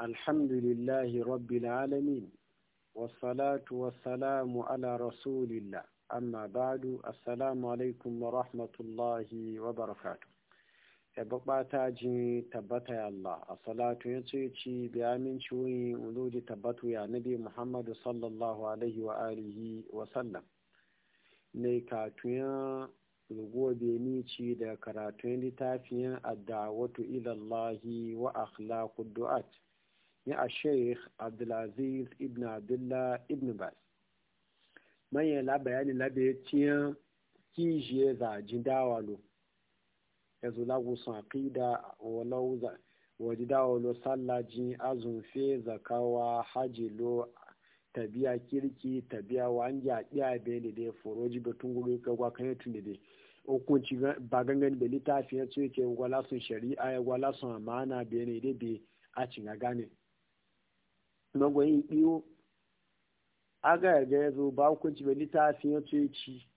الحمد لله رب العالمين والصلاة والسلام على رسول الله أما بعد السلام عليكم ورحمة الله وبركاته يبقى تاجي تبت يا الله الصلاة ينسيتي بأمين شوي ولود تبت يا نبي محمد صلى الله عليه وآله وسلم نيكاتوين gobe ni ci da karatun littafin addawatu ilallahi wa akhlaqud du'at ni a sheikh abdulaziz ibn abdullah ibn bas manyan labayanin labe tiyan kijiye za jindawa lo ya zo lagusan aqida wa za lo sallaji azun fe zakawa lo tabiya kirki tabiya wanja ɗiya bai ne foro ji batun guri ga gwakan kan yatun dai hukunci ba gangan da littafi ya ce ke gwala sun shari'a ya gwala sun amana bai ne da bai a cin gane magoyin biyu aga yaga ya zo ba hukunci bai littafin ya ce ci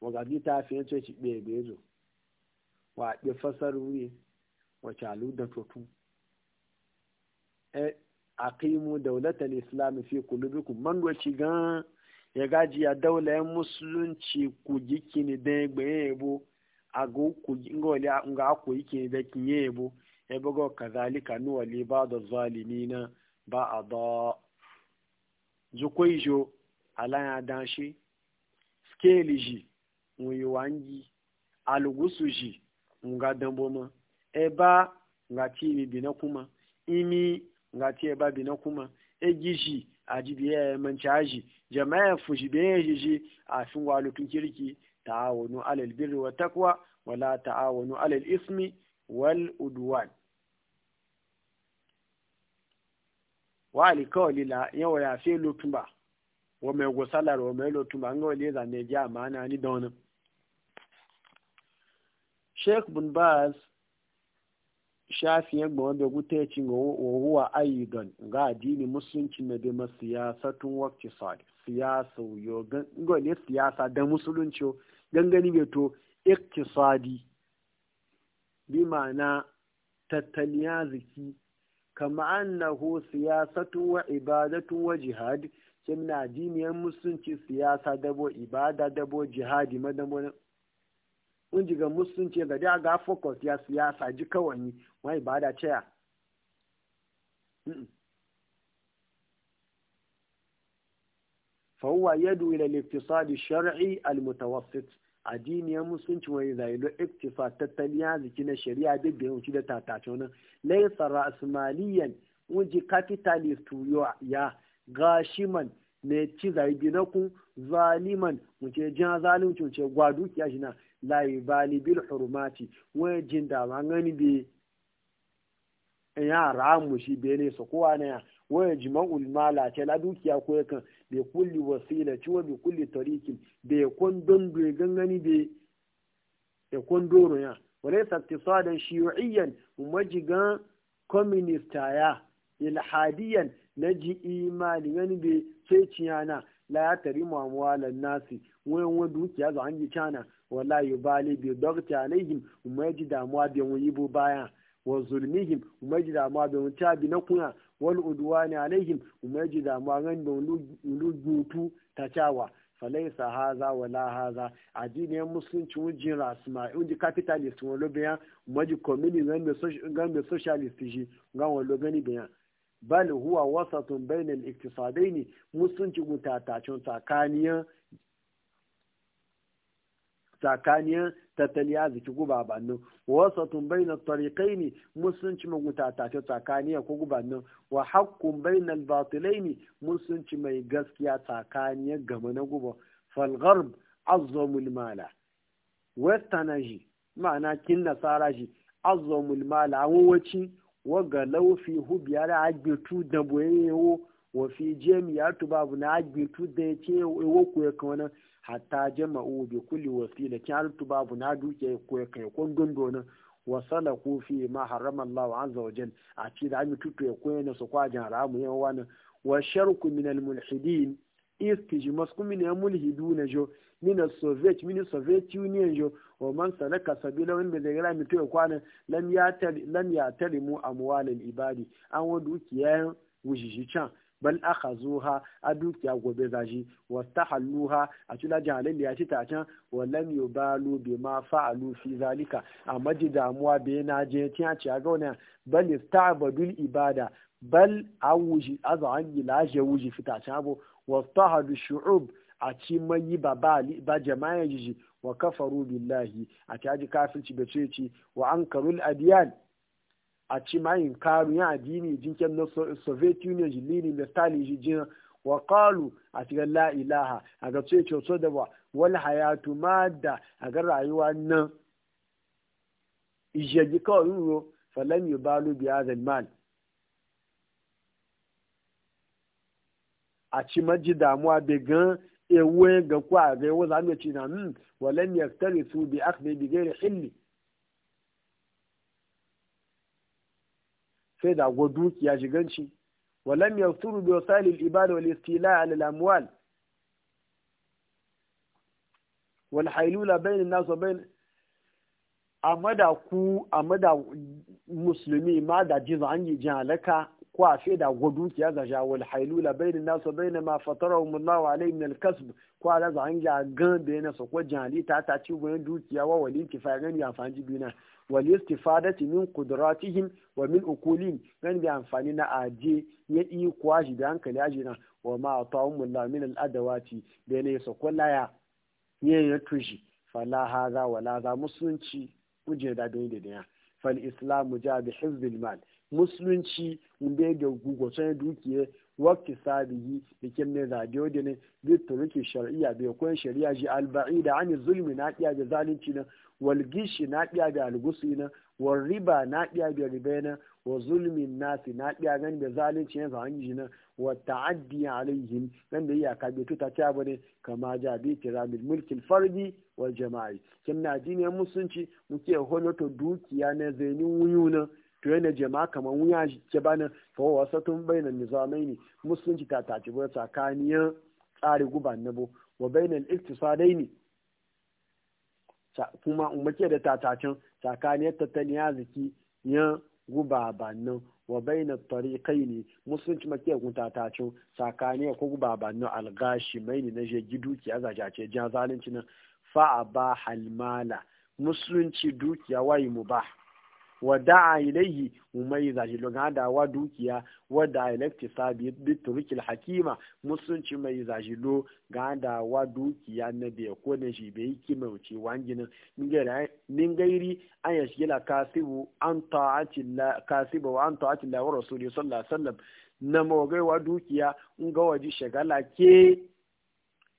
waga littafin ya ce ci ga bai zo wa ɗi fasar wuri wa calu da tutu e, a kaimu daulatar islam fi kulubiku man ci gan ya gaji ya ya musulunci ku gikini don ya gbaye yabo a ga ku yi kini da kinye yabo ya bugo kazalika nuwa li ba da na ba a da zukwaijo alaya danshi skeli ji nwi wangi alugusu ji nga damboma eba nga ti mi bina kuma imi nga ti eba bina kuma egi ji aji biya manci aji jama'a fushi biya ji a fin walukin kirki ta'awunu alal birri wa takwa wala ta'awunu alal ismi wal udwan wa alikawali la yan wa ya fi lotumba wa mai gusalar wa mai lotumba an ga wale zane ji amana ni da wani sheikh bin baz shafi yan gbawa da guta ya cin wahuwa ayyudan ga addini musulunci na da ma tun wakti sadi siyasa yo ga siyasa da musulunci gangani beto iktisadi bi ma'ana tattalin arziki kama annahu siyasatu wa ibadatu wa jihad ke na addiniyar musulunci siyasa dabo ibada dabo jihadi madabo kun ga musulunci ga da ga focus ya siyasa ji kawani wa ibada ce ya فهو يدعو إلى الاقتصاد al-mutawassit addiniyar musulunci wani zailo iktifa tattalin arziki na shari'a duk da yawanci da tatace wani laisa rasmaliyan wuji capitalist ya gashiman ne ci zaibi na kun zaliman wuce jin zalunci wuce gwadu kiya shi na layi bali bil hurmati wani jin da ma gani bi ya ramu shi bene su kowa na ya wani jima'ul mala ce la dukiya ko kan. bi kulli wasila ciwo bi kulli tarikin da ya kwan don bai gangani da ya kon doro ya wale sattisadan shi'iyyan majigan communista ya ilhadiyan na ji imani gani bai sai ciyana la ya tari nasi wayan wa dukiya za an yi cana wala yubali bi dogta alaihim maji damuwa bi wani bu baya wa zulmihim umaji da ma da wuta bi na kuna wal udwani alaihim umaji da ma ran da lugutu ta cawa falaisa haza wala haza addinin musulunci wujin rasma wujin capitalist wọn lo biyan umaji communist gan be socialist shi gan wọn lo gani bal huwa wasatun bainal iktisadaini musulunci gutatacin tsakaniyar tsakaniyar a arziki gubabannin wasu tumbai na tarikai ne musulunci maguta tafi tsakaniya ko gubabannin wa hakkun bai na ne musulunci mai gaskiya tsakaniya gama na guba falgarb azzomul mala westernerji ma'ana kin nasara shi azo mala an wawaci waga laufi hubiyar agbitu da boyayyewo wa fi jami'atu babu na agbetu da ya ce ewo ya kawanan hatta jama'u bi kulli wasila kyar tu babu na duke ko kai kon dondo na wasala ku fi ma harrama Allah azza wa jal a ci da mu tutu ko ne su kwa jan ramu yan wani wa sharku min al mulhidin istijmas masku min al mulhidun jo min al soviet min soviet union jo wa man salaka sabila wanda da gara mu tutu kwana lam ya lam ya talimu amwal al ibadi an wa dukiya wujiji can bal akhazuha a dukiya gobe zashi wastahalluha a tula jahalin da ya ci tacan wallam yubalu bima fa'alu fi zalika a ji damuwa bai na je tiya ci ga wannan bal istabadul ibada bal awuji azan ila je wuji can abu wastahadu shu'ub a ci manyi ba ba jama'a jiji wa kafaru billahi a taji kafirci da ce wa ankarul adiyan a ci mayin karu ya addini jinkin na soviet union da stali ji wa kalu a cikin la'ilaha a ga ce coso da Wani hayatu ma da a ga rayuwa nan ijeji kawai yuro falon yi balu biya mal a ci maji damuwa bai gan ewe ga kwa ga yawo e zamu ci na hmm walan yaktarisu bi bai bi ghairi hilli sai da go dukiya shiganci walam yasuru bi wasali al ibad wal istila al amwal wal haylula bain an nas wa bain amada ku amada muslimi ma da jiza an yi jalaka ko a sai da go dukiya ga ja wal haylula bain an nas wa bain ma fatarahum Allah alayhi min al kasb ko ala za an ja gan da yana so jali ta ta ci goyen dukiya wa walin kifa ya amfani bina wal istifadati min qudratihim wa min ukulin gan bi amfani na aje ya yi kwashi da hankali aje na wa ma ata'umul min al adawati da ne so kullaya ye ya tushi fala haza wala za musulunci kuje da dai da ya fal islamu ja bi hizbil mal musulunci mun da gugu sai dukiye wakti sabihi da kin ne zadiyo da ne bi turuki shar'iyya bai koyan shari'a ji alba'i da ani zulmi na kiya da zalunci na wal gishi na kiya da algusi na wal riba na kiya da riba na wa zulmin nasi na a gan da zalunci yanzu an yi na wa ta'addi alaihim dan da iyaka bai tuta ta bane kama ja bi tiramil mulkin fardi wal jama'i kin na dinin musunci muke holoto dukiya na zainin wuyuna to yana jama'a kamar wuya ke bana fawo wasa tun bayan nizamai ne musulunci ta tafi bai tsakaniyar tsari guba na bo wa bayyana iktisadai ne kuma umarke da tatacin tsakaniyar tattalin arziki yan guba bannin wa bayyana tarikai ne musulunci make kun tatacin tsakaniyar ko guba bannan algashi mai ne na je dukiya a zajace jan zalunci nan fa'a ba halmala musulunci dukiya wayi mu ba. wa da'a ilaihi umayyiza shi lugan wa dukiya wa da ilaktisabi biturukil hakima musulunci mai zashi lo ga wa dukiya na bai ko na shi bai kima wuce wanginin min gairi an ya shigila kasibu an kasibu an la wa rasuli sallallahu alaihi wasallam na mawagaiwa dukiya in ga waje shagala ke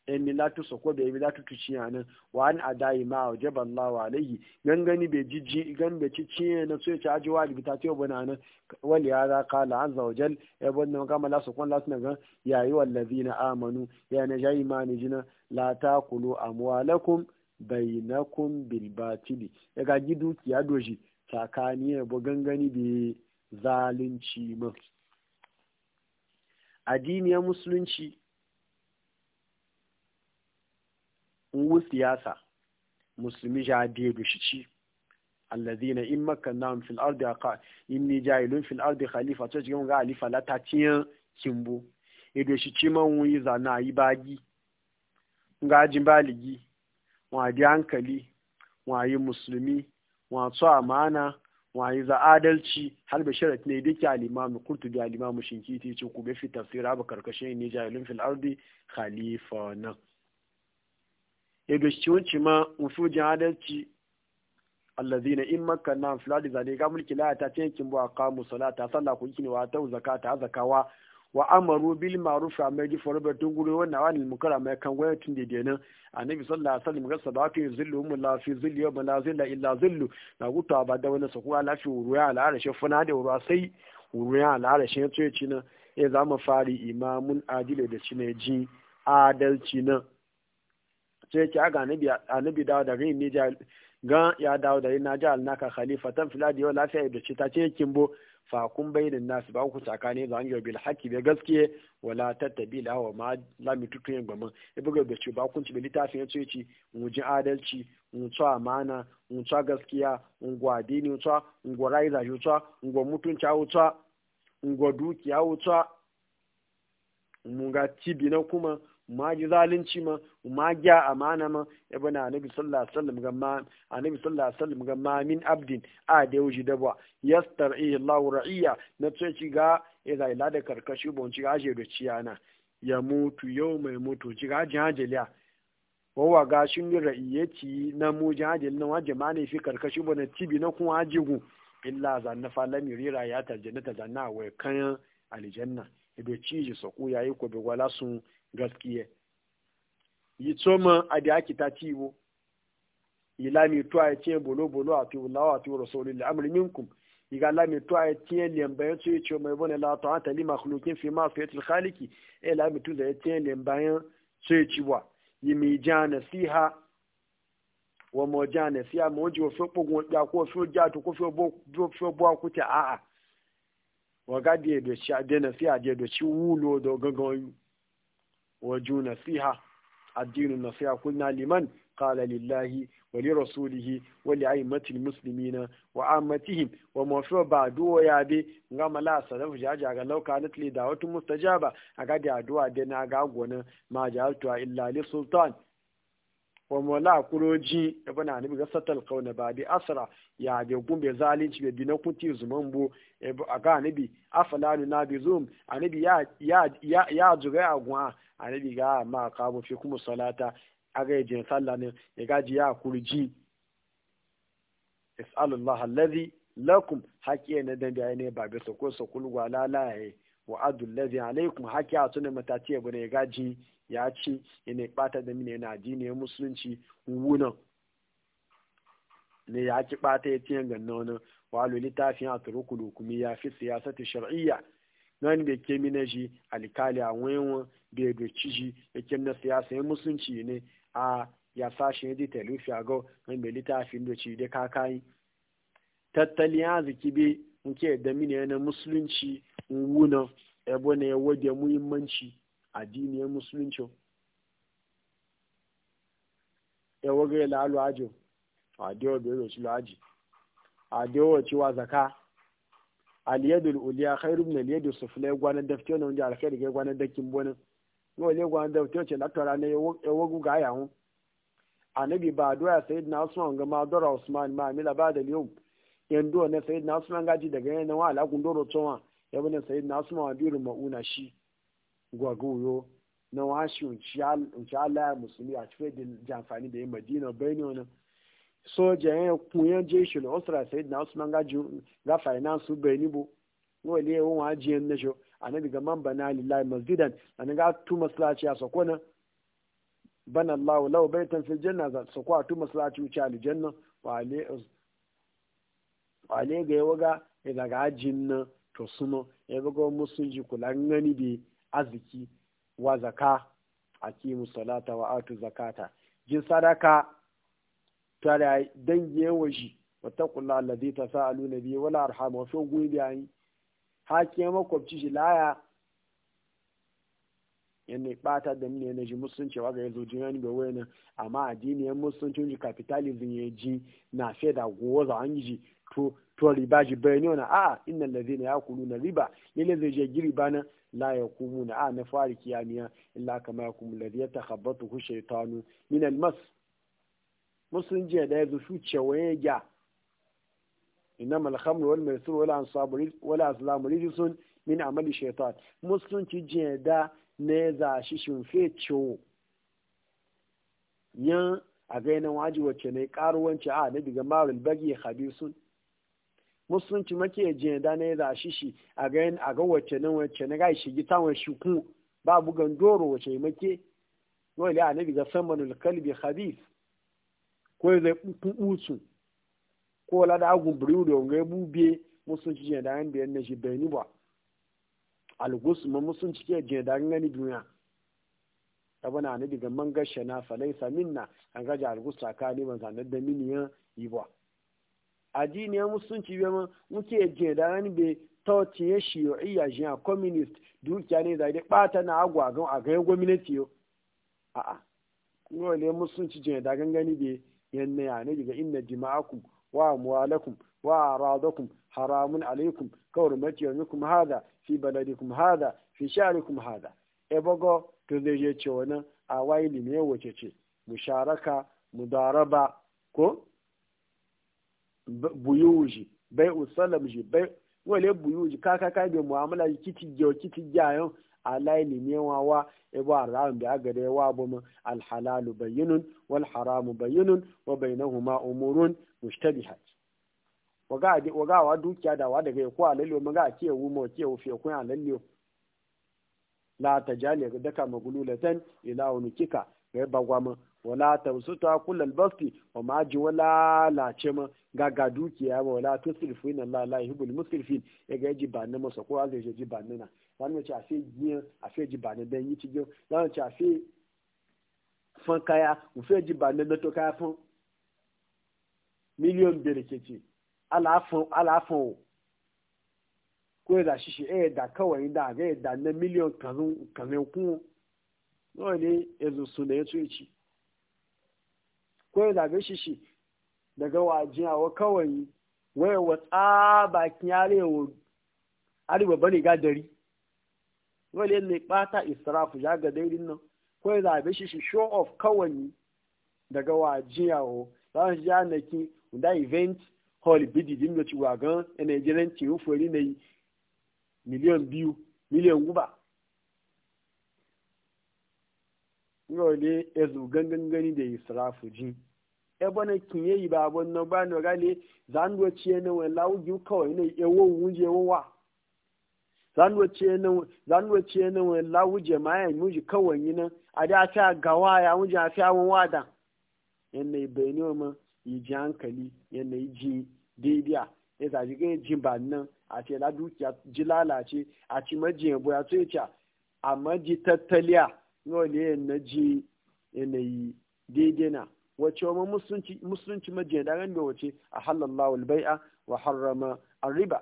emi latu soko da emi latu tuciya nan wa an adayi ma a jaba Allah wa alayhi gangani bai jijji gan bai ci ciye na so ya ci ajiwa da ta ce bana nan wani ya za ka la an zawjal ya bon nan kama la sokon la suna gan yayi na amanu ya na jayi ma ni jina la ta kulu amwalakum bainakum bil batili ya ga ji dukiya doji tsakani ya bo gangani bai zalunci ma ya musulunci wu siyasa musulmi ja da shi ci alladhina in makkannahum fil ardi aqa inni ja'ilun fil ardi khalifa to jigan ga alifa la ta tiyan kimbo e shi ci man wu yi zana yi bagi ga jin baligi wa bi hankali wa yi musulmi wa to amana wa yi za adalci har da sharat ne dake al-imam qurtubi al-imam shinkiti ce ku be fi tafsira ba karkashin ni ja'ilun fil ardi khalifa ebe shi wanci ma mufujin adalci zina in makanna fulani zane ga mulki la ta ce kin bu aqamu salata sanda ku kini wa ta zakata zakawa wa amaru bil ma'ruf wa nahi anil munkar wannan wani mukara mai kan waya tun dede nan annabi sallallahu alaihi wasallam ga sabaki zillu mu la fi zilli yawma la zilla illa zillu na gutu ba da wani sakuwa lafi ruya ala arashe funa da ruwa sai ruya ala ya tsoye ci nan ya zama fari imamun adilu da shi ne ji adalci nan sai yake aga annabi dawo da rin ne ga ya dawo da rin na ji alnaka khalifatan fil ardi wa lafiya da ce ta ce yakin bo fa kun bayyana nasu ba ku tsakani ga an bil haqqi bai gaskiye wala tattabi la wa ma la mi tutu yin gbaman e buga da ce ba kun ci littafin ya ci mu ji adalci mu tsa amana mu tsa gaskiya mu gwadi mu tsa mu gwarai da tsa mu gwa mutunci tsa mu gwa dukiya tsa mu ga cibi na kuma ma ji zalunci ma ma gya amana ma ibn anabi sallallahu alaihi wasallam gamma anabi sallallahu alaihi wasallam ma min abdin a da yuji dabwa yastar'i Allahu ra'iya na ce ci ga idan ila da karkashi bon ci gaje da ciyana ya mutu yau mai mutu ci gaje hajeliya wawa ga shin ci na mu jahajeli na waje ma ne fi karkashi bon tibi na kuma jigu illa zanna falam yurira ya tarjana ta zanna wa kayan aljanna ibe ji sako yayi ko be wala sun gaskiya yi tsoma a da ake ta ciwo yi lami tuwa ya ce bolo bolo a tuwa lawa a tuwa rasulun al'amur minkum yi ga lami tuwa ya ce lembayan su ya ce mai bane la ta hanta lima kulukin fi ma fiyatul khaliki ya e lami tuwa ya ce lembayan su ya ci wa yi mai ja nasiha wa mo ja nasiha mo ji wa fi kogun ya ko fi ja to ko fi bo kuta a'a wa ga da nasiha da ci wulo da gangan waju nasiha addinin nasiha kunna liman qala lillahi wa li rasulihi wa li a'immati almuslimina wa ammatihim wa mafi ba'du wa yabe ngama la salaf jaja ga lauka natli da'watu mustajaba aga da addu'a da na ga gona ma ja'altu illa li sultan wa mola kuroji da bana ni ga satal kauna ba bi asra ya be gumbe zalunci be na kuti zuman bo aga nabi afalanu nabi zum anabi ya ya ya zuga agwa anabi a ma kawo fi kuma salata aga jin sallah ne ya gaji ya kurji is'alullah allazi lakum hakiya na dan biya ne babe so ko so kulwa lalaye wa adul ladhi alaikum hakiya tunan matati ya bune gaji ya ci yana bata da mine yana addini musulunci wunan ne ya ki bata ya tiyan ganna wani walu littafin a turukulu kuma ya fi siyasa siyasati shar'iyya nan da ke mina shi alkali a wayanwa da ya doci shi da ke na siyasa ya e musunci ne a ya sashi e ya ji talufi a gau nan da littafin doci da kakayi tattalin arziki bi nke e da mini yana musulunci wuna ebo na ya wade muhimmanci diniyar musulunci ya wage lalu ajo a dewa bai roci lo aji a zaka aliyadul uliya khairu min aliyadul sufla gwana daftiyo na wanda alkhairi ga gwana dakin bonin no le gwana daftiyo ce latara ne ya wagu ga ya hun annabi ba ya sayyidina usman ga ma dora usman ma mila ba da yau yan do ne sayyidina usman gaji daga yana wa alakun doro tsowa ya bane sayyidina usman biru mauna shi gwagoyo na washi unci Allah ya musulmi a cikin jamfani da yin madina bayani wannan soja ya kunyan jeshi na osra sai na usman gaji ga finance bai ni bo no le won ajiyan na sho annabi ga man bana lillahi masjidan ana ga tu masallaci a na bana Allah law baitan fil janna za su a tu a uci al janna wa ale wa ale ga yawa ga ga ajin na to suno ya ji musulji kula ngani bi aziki wa zaka ki musalata wa atu zakata jin sadaka tare dangi yawon shi wata kula alu na biyu wala arham wa fi goyi yayi hakiya makwabci shi laya yanne ɓata da mine na ji musulunci wa ga yazo jinani ba nan amma addini yan musulunci ji kapitalizm ya ji na fe da za an ji to to riba ji bayani na a ya kulu na riba ne zai je giri bana la na a na fari kiyamiya illa kama yakumul ladhi ta shaytanu min al-mas Musulunci je da ya zufu cewa ya gya ina malhamru wal maisur wala ansabu wala azlamu rijsun min amali shaitan musun ci je da ne za shi shin fe cewa yan a gainan waji wacce ne karuwanci a na diga marul bagi sun musulunci make je da ne za shi shi a gain a ga wacce nan wacce na ga shi gita wa shi ku babu gandoro wacce make dole a nabi ga samanul kalbi habis. ko zai utu ko la da agun buri da ngai bie musun ci biyan na shi bai ba ma musun ci ke gani duniya na ne daga man gashe na falaisa minna an gaja algus tsakani ban sanar da yi ba addini ya musulunci ma nke je da rani ya iya jiya communist dukiya ne na agwa gwamnati yo a'a ne yanne ya ne daga inna jima'akum wa amwalakum wa aradakum haramun alaikum kawar mace yanzukum hada fi baladikum hada fi sha'arikum hada e bago to zai je ce wani a wayi ne wace ce musharaka mudaraba ko buyuji bai usalam ji bai wale buyuji kaka kai bai mu'amala kiti alaili ilimi wa ibo arram bi agade wa buma al halalu bayyinun wal haramu bayyinun wa bainahuma umurun mushtabihat waga waga wa dukiya da wa daga ko alallo maga ke wu mo ke wu fe ko alallo la tajali ga daka magululatan ila unikika ga bagwama wala tawsuta kullal basti wa ma ji wala ma ga ga dukiya ma wala tusrifu inna la la yuhibbul musrifin e ya ga ji banna masa ko azai ji banna wani wace a fe giyan a fe ji ba na dan yi ci jo? wani wace a fe fan kaya mu fe ji ba na na to kaya fan miliyon bere ke ce alafan o ko ya da shi e eh da kawai da ga da na miliyon kanu, kanu kun nawa ne yanzu su da ya tsoye ci ko ya da ga shi shi daga wajen awa kawai waya wa tsabakin yarewa arewa ga dari? wale ne bata israfu ya ga dairin nan ko ya zabe shi shi show off kawai daga wajiya o ran ya na ki da event hall bidi din da ci wagan ene jiran ci ufori yi miliyan biyu miliyan guba wale ezu gangan gani da israfu jin ebona kinye yi ba abon no ba no gale zanduwa ciye ne wala uju kawai ne ewo wuje wa zanwe ce na wani lawu jama'a mu muji kawai yi nan a da ta gawa ya muji a afi awon wada yana yi bai wa ma yi ji hankali yana yi ji daidai ya zaji ga ji ba nan a ce la dukiya ji lalace a ci maji yabo ya so ya a ji tattaliya yau ne yana ji yana yi daidai na Wace wa musulunci maji da ran da wace a halallahu albai'a wa harrama arriba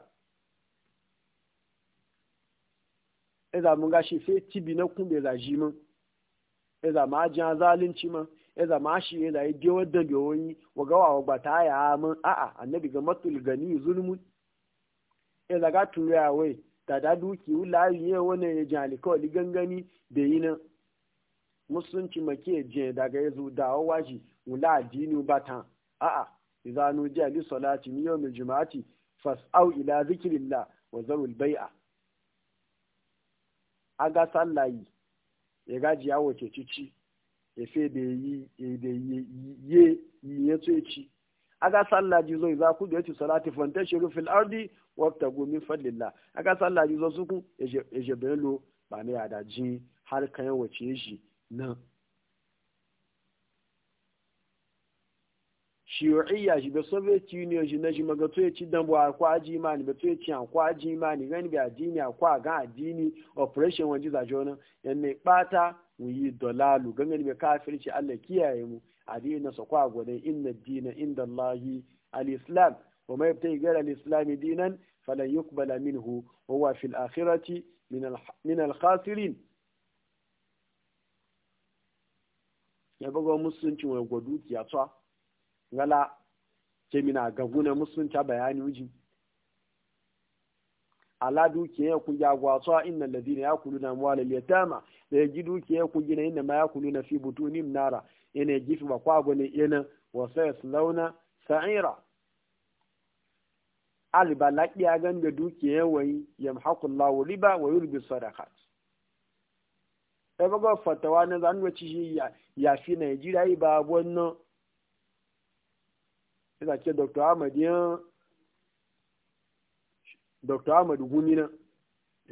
Eza munga shi sai tibi na kumbe bai zaji mun iza ma jan zalunci mun Eza ma shi eza yi gewar da bewoni wa gawa wa ba ta ya mun a'a annabi ga matul gani zulmun Eza ga tuya wai da da duki wula yi wani ya jali kawai gangani da yi nan musulunci make je daga ya zo da waji wula addini ba ta a'a idza nujiya li salati yawmil juma'ati fas'au ila la wa zarul bai'a aga yi ya gaji ya wace cici ya fe da yi da ye yi ya tsoye ci aga ji zo za ku da yace salati shiru fil ardi wabtagu min fadlillah aga ji zo su ku ya je belo ba ne ya da jin har kan wace shi nan shiyo'iyya shi da soviet union shi na shi maga ci dan bu kwa ajima ni ba ci an kwa ajima ni gani bi a kwa ga addini operation wani za jona yan ne bata wuyi dolalu gangan bi shi Allah kiyaye mu addini na sa kwa gwada inna dina inda Allahi al-islam wa ma yabtayi ghayra al-islam dinan falan min minhu wa huwa fil akhirati min al-khasirin ya buga musulunci wani gwadu ya tsawa wala ke mina gaguna musulunta bayani uji ala dukiyar ya jagwa ya inna ladina yakuluna ya yatama da yaji dukiyar ku na inda ma yakuluna fi butunim nara yana gifi ba kwa gwani yana wa launa sa'ira alba ya ganda dukiyar wayi yamhaqullahu riba wa yurbi sadaqat e fatawa na zanwa ci ya fi Najeriya ba wannan sai ce dr ahmad ya dr ahmad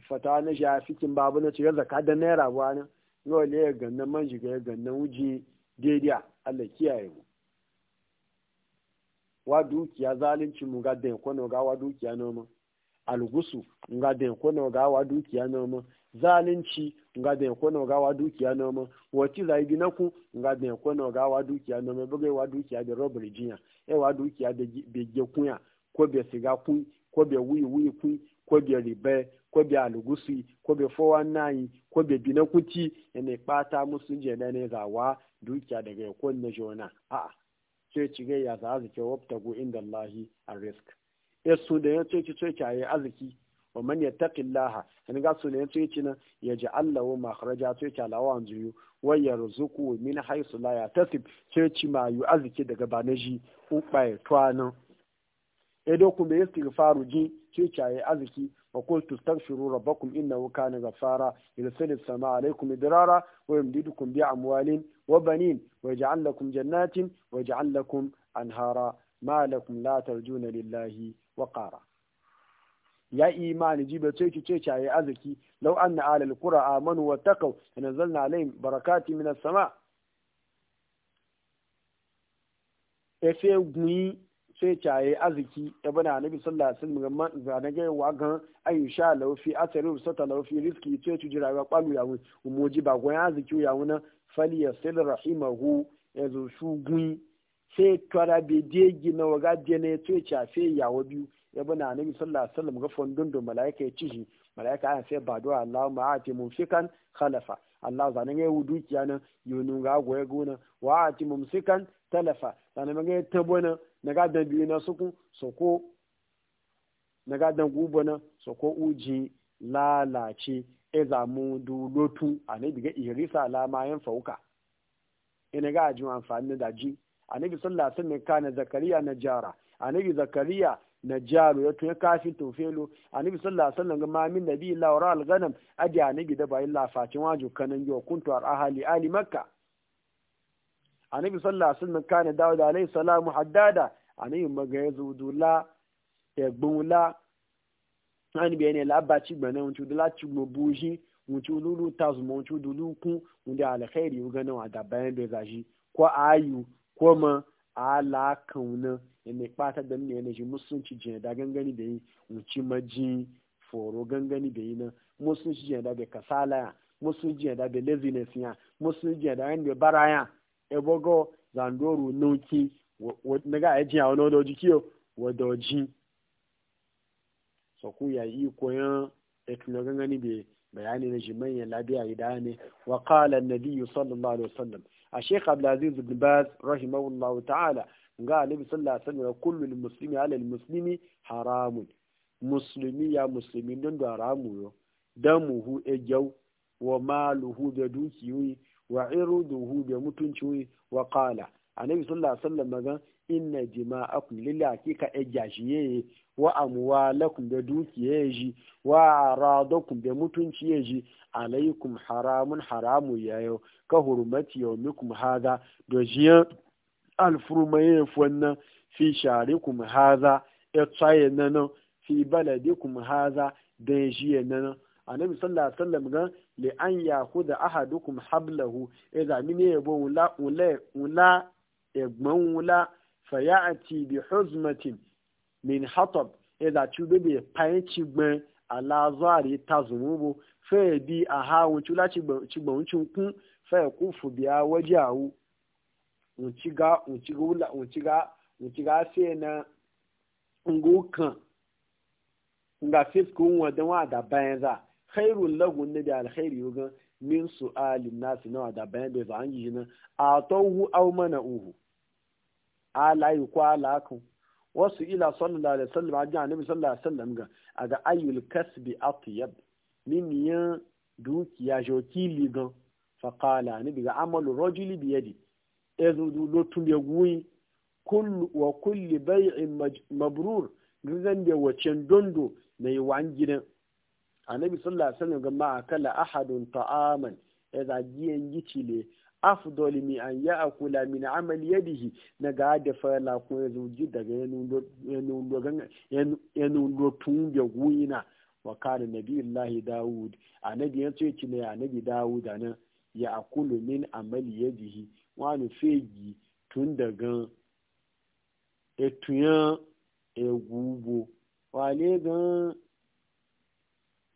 fata na fata a cikin babu na cikin zaka da naira ba na yau ne ya ganna man shiga ya ganna wuji daidai allah kiyaye mu wa dukiya zalunci mu ga da kwano ga wa dukiya noma algusu nga da na ga wa dukiya na mu zalunci nga da na ga wa dukiya na mu wace zai bi na ku nga ga dukiya na mu wa dukiya da rober jinya e dukiya da bege kunya ko be siga ku ko be wuyi wuyi ku ko be ribe ko be alugusi ko be 419 ko be bi na ne pata musu je da ne za wa dukiya daga na a wa man yattaqillaha in ga su ne yace nan ya ji wa makhraja to yace alawa an juyu wa yarzuqu min haythu la yatasib to ci ma yu azki daga banaji ubaye twana edo kuma istighfaru ji to yace ayi azki wa qul tastaghfiru rabbakum innahu kana ghafara sani sama alaykum idrara wa yamdidukum bi amwalin wa banin wa yaj'al lakum jannatin wa yaj'al lakum anhara ma lakum la tarjuna lillahi wa qara ya imani jibe sai ki ce caye arziki lau an na alal kura amanu wa takau yana zalna barakati minas sama efe guni sai caye arziki ibn e annabi sallallahu alaihi wasallam ga na ga wa gan ayusha lau fi ga ba arziki yawo na fali yasil rahimahu cafe yawo biyu ya bi na nabi sallallahu alaihi wasallam ga fondon da malaika ya cihi malaika ya sai ba du'a Allah ma ati mumsikan khalafa Allah zanin ya yi dukiya nan yunu ga goye gona wa ati mumsikan talafa zanen ga tabo nan na ga dan biyu na suku soko na ga dan gubo na soko uji lalace e mu du lotu anabi ga irisa lama yan fauka ina ga ajin amfani da ji anabi sallallahu alaihi wasallam kana zakariya najara anabi zakariya najjaru ya tuya kafin tofelo annabi sallallahu alaihi wasallam ma min nabi illa wara alghanam aji annabi da bayin lafacin wajo kanan yo kuntu ar ahli ali makka anabi sallallahu alaihi wasallam kana dawud alaihi salam haddada annabi magaya zudula egbunla annabi ne labaci gbana wucu dula gbo buji wucu lulu tazmo ci dulu kun wunda alkhairi ganan wa da bayan zaji ko ayu ko ma ala kauna ya mai fata da nuna yanayi musulunci jiya da gangani da yi wuce maji foro gangani da yi na musulunci jiya da kasala ya musulunci jiya da laziness ya musulunci jiya da bai bara ya ebogo zandoro nuki na ga ya jiya wani wadoji kiyo wadoji so ku ya yi koyan ekina gangani da bayani na jimai manyan labiya da ne wa qala an-nabi sallallahu alaihi wasallam a sheikh abdulaziz ibn baz rahimahullahu ta'ala ga bi sallallahu alaihi wasallam kullu muslimi ala muslimi haramun muslimi ya muslimi don da haramu yo damuhu ejau wa maluhu da dukiyoyi wa iruduhu da mutunci wa qala annabi sallallahu alaihi wasallam magan inna jima'akum lillahi hakika ejashiye wa amwalakum da shi wa aradakum da mutunci yeji alaikum haramun haramu yayo ka hurmati yawmikum hada dojiyan alfurmaye fonna fi share kuma haza ya tsaye nanan fi balade kuma haza da ya nanan nan annabi sallallahu alaihi wasallam ga li an yahuda ahadukum hablahu idza min yabo wula wula wula egbon wula fayati bi huzmatin min hatab idza tube bi payin chigbon alazari tazumubu fa bi aha wuchula chigbon chigbon chunkun ku fu bi awu. unciga unciga wula unciga unciga sai na ngukan nga fisku wa da wa da bayan za khairul lahu ne da alkhairi yugan min su'alin nasi nawa da bayan da za an yi nan a tawhu aw mana'uhu ala yi kwa lakun wasu ila sallallahu alaihi wasallam a jihar nabi sallallahu alaihi wasallam ga a ga ayyul kasbi atiyab min yan dukiya joki ligan faqala ni ga amalu rajuli bi yadi ezudu lotun ya guyi wa kulli bai'in mabrur gizan wacen dondo na yi wan gidan annabi sallallahu alaihi wasallam gama akala ahadun ta'aman ya zagiyan gici ne afdol mi an ya akula min amali yadihi na ga da fala ko ya zuji daga yanu lotun ya guyi na wa kana nabiyullahi dawud annabi ya a ne annabi dawud anan ya min amali yadihi wani feji tun daga etuyan egubo wale ga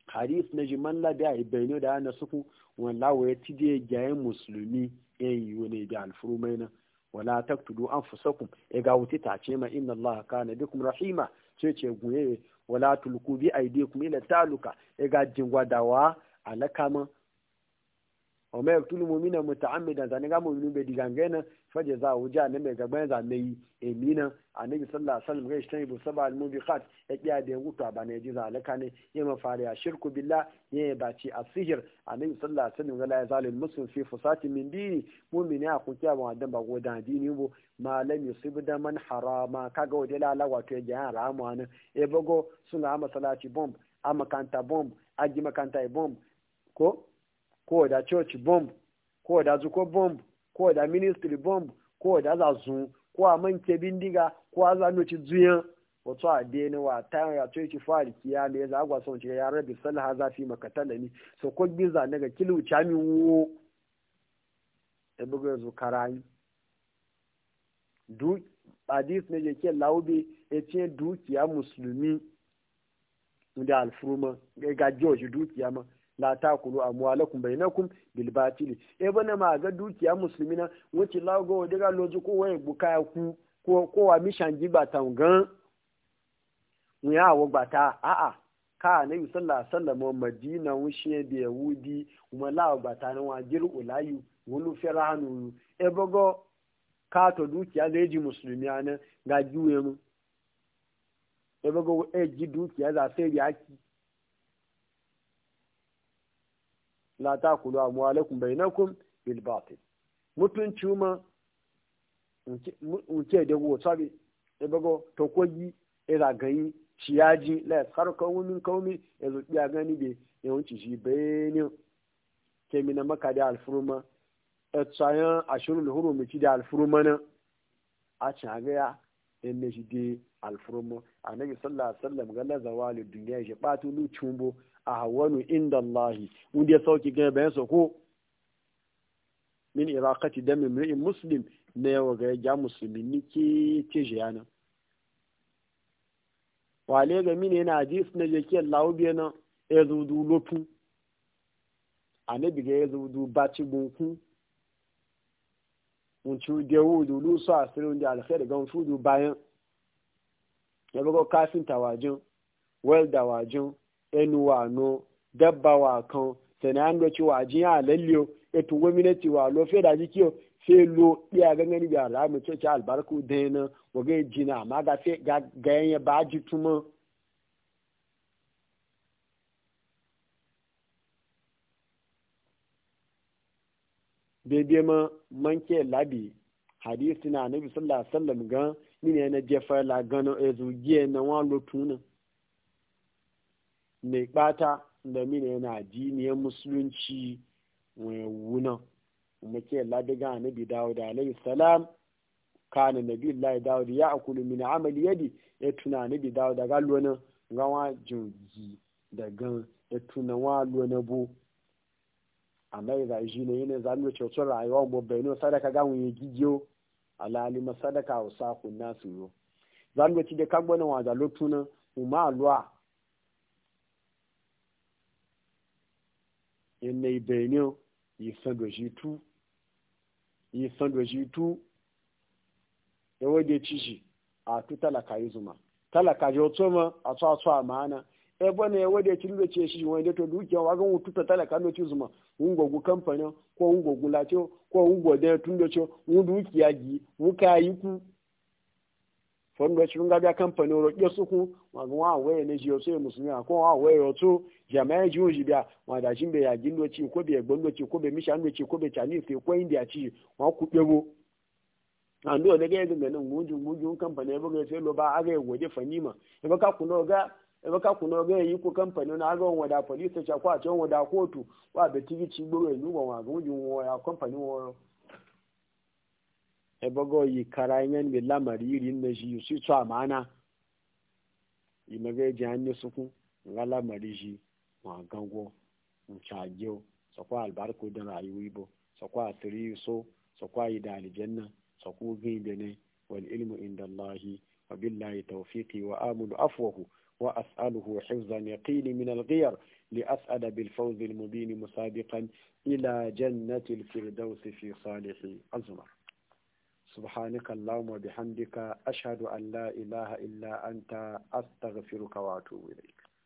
hadis na jiman a ibaino da ana suku wala wa ti je jaye musulmi yan yi ne da alfurumai na wala taktudu fusakun e ga wuti ta ce ma inna allaha kana bikum rahima ce ce guye wala tulku bi aidikum ila taluka e ga jingwadawa alakama o tulu yaktulu mumina muta'ammidan zane ga muminu bai digangana faje za a wuce a mai gaban zane yi emina annabi sallallahu alaihi wasallam gaishe tani bu saba al mubiqat ya kiya da yanku a bana yaji zalaka ne ya mafari ya shirku billah ya ya baci asihir annabi sallallahu alaihi wasallam la yazal muslim fi fusati min dini mu'mini a kukiya ba dan ba goda dini bo malam yusibu da man harama kaga wadai lala wato ya jahan ramu ne e bago suna masalaci bomb a makanta bomb aji makanta bomb ko ko da church bomb ko da zuko bomb ko da ministry bomb ko da zazu ko a manke bindiga ko a wasu ci zuya wato a dena wa ta ya to ci fari kiya ne ya rabi salha za fi makatala ni so ko giza daga kilu chami wuwo e bugo zu karai hadis ne yake laube ya ce dukiya musulmi da alfuruma ga joji dukiya ma la takulu amwalakum bainakum bil batil e bana ma ga dukiya musulmina wuce lago daga loji ko waye buka ku ko ko wa mishan jiba tangan mu ya wo gbata a a ka ne sallallahu alaihi wasallam madina wushe da yahudi kuma la gbata ne wa jir ulayu wulu firanu e eh, bogo ka to dukiya leji musulmi ana ga juwe mu e bogo e ji dukiya za sai ya la ta kulu a amwalakum bainakum bil batil mutunci ma nke da go sabi e bago to koyi e da gani ciyaji la har kawumin kaumi e zo biya gani be e wunci shi bayani ke mina maka da alfuruma e tsayan ashirul hurumi ci da alfuruma na a cin ya in ne shi de alfuruma annabi sallallahu alaihi wasallam ga la zawali dunya shi batu lu chumbo ahwanu inda Allah wanda ya sauki ga bayan sa ko min iraqati dami mri'in muslim ne yawa ga ya musulmi ke ce jiyana wale ga mini yana hadis na jake Allah na ya zudu lotu anabi ga ya zudu baci gunku wunci da wudu lusu asirin da alkhairi ga wunci bayan ya kafinta kafin tawajin da wajin enuwa no dabba wa kan sana'an da cewa jin a lalliyo etu gwamnati wa lo fe da jikiyo fe lo iya gangan ga alamu ce ce albarku dena ji na amma ga fe ga ganye ba ji tuma daidai ma manke labi hadisi na nabi sallallahu alaihi wasallam ga ni ne na jefa la gano ezugiye na wa lotuna mai ɓata da mini yana addiniyar musulunci mai wuna kuma ke ladiga annabi dawud alayhi salam kana nabi allah dawud ya akulu min amali yadi ya tuna bi dawud ga lona gawa jinji da gan ya tuna wa lona bu amma ya shi ne yana zamu cewa rayuwa mu bayno sadaka ga mu gigiyo alali masadaka wa kunna su yo zamu ci da kagbona wa da lotuna umma alwa yin yi yi tu yi yisando jitu tu ya yawo de chishi a tu talaka yi zuma talaka jotoma a tso tso amana e bane yawo de chiru de chishi wani de to dukiya wa gan wutu talaka no chizuma un gogu kamfanin ko un gogu lacho ko un gode tundocho un dukiya gi muka yi ku fondo ci ngabịa ga company ro yo ma wa wa we ne ji oso musulmi ko wa we yo to ji uji bia wa da ya ji ci ko be gbondo ci ko be mishan ci ko india ci wa ku na ndị ne ga ga mgbe muju muju company ba ga sai lo ba aga waje fanima e ba ka kuno ga e yi na aga won da kwa akwa otu wa ya ebogo yi karayen bi lamari yiri na shi yi su tsa mana yi maga ji hanyar suku nga lamari shi wa gango ncagiyo sakwa albarko don rayuwa ibo sakwa asiri so sakwa yi da aljanna sakwa gini bene wal ilmu inda Allahi wa billahi tawfiqi wa amulu afwahu wa as'aluhu yaqini min وأسأله li يقيني bil fawz al mubin musabiqan ila jannati al الفردوس fi صالح azmar subhanaka allahumma bihamdika ashadu allah la ilaha illa anta astaghfiruka wa atubu ilayk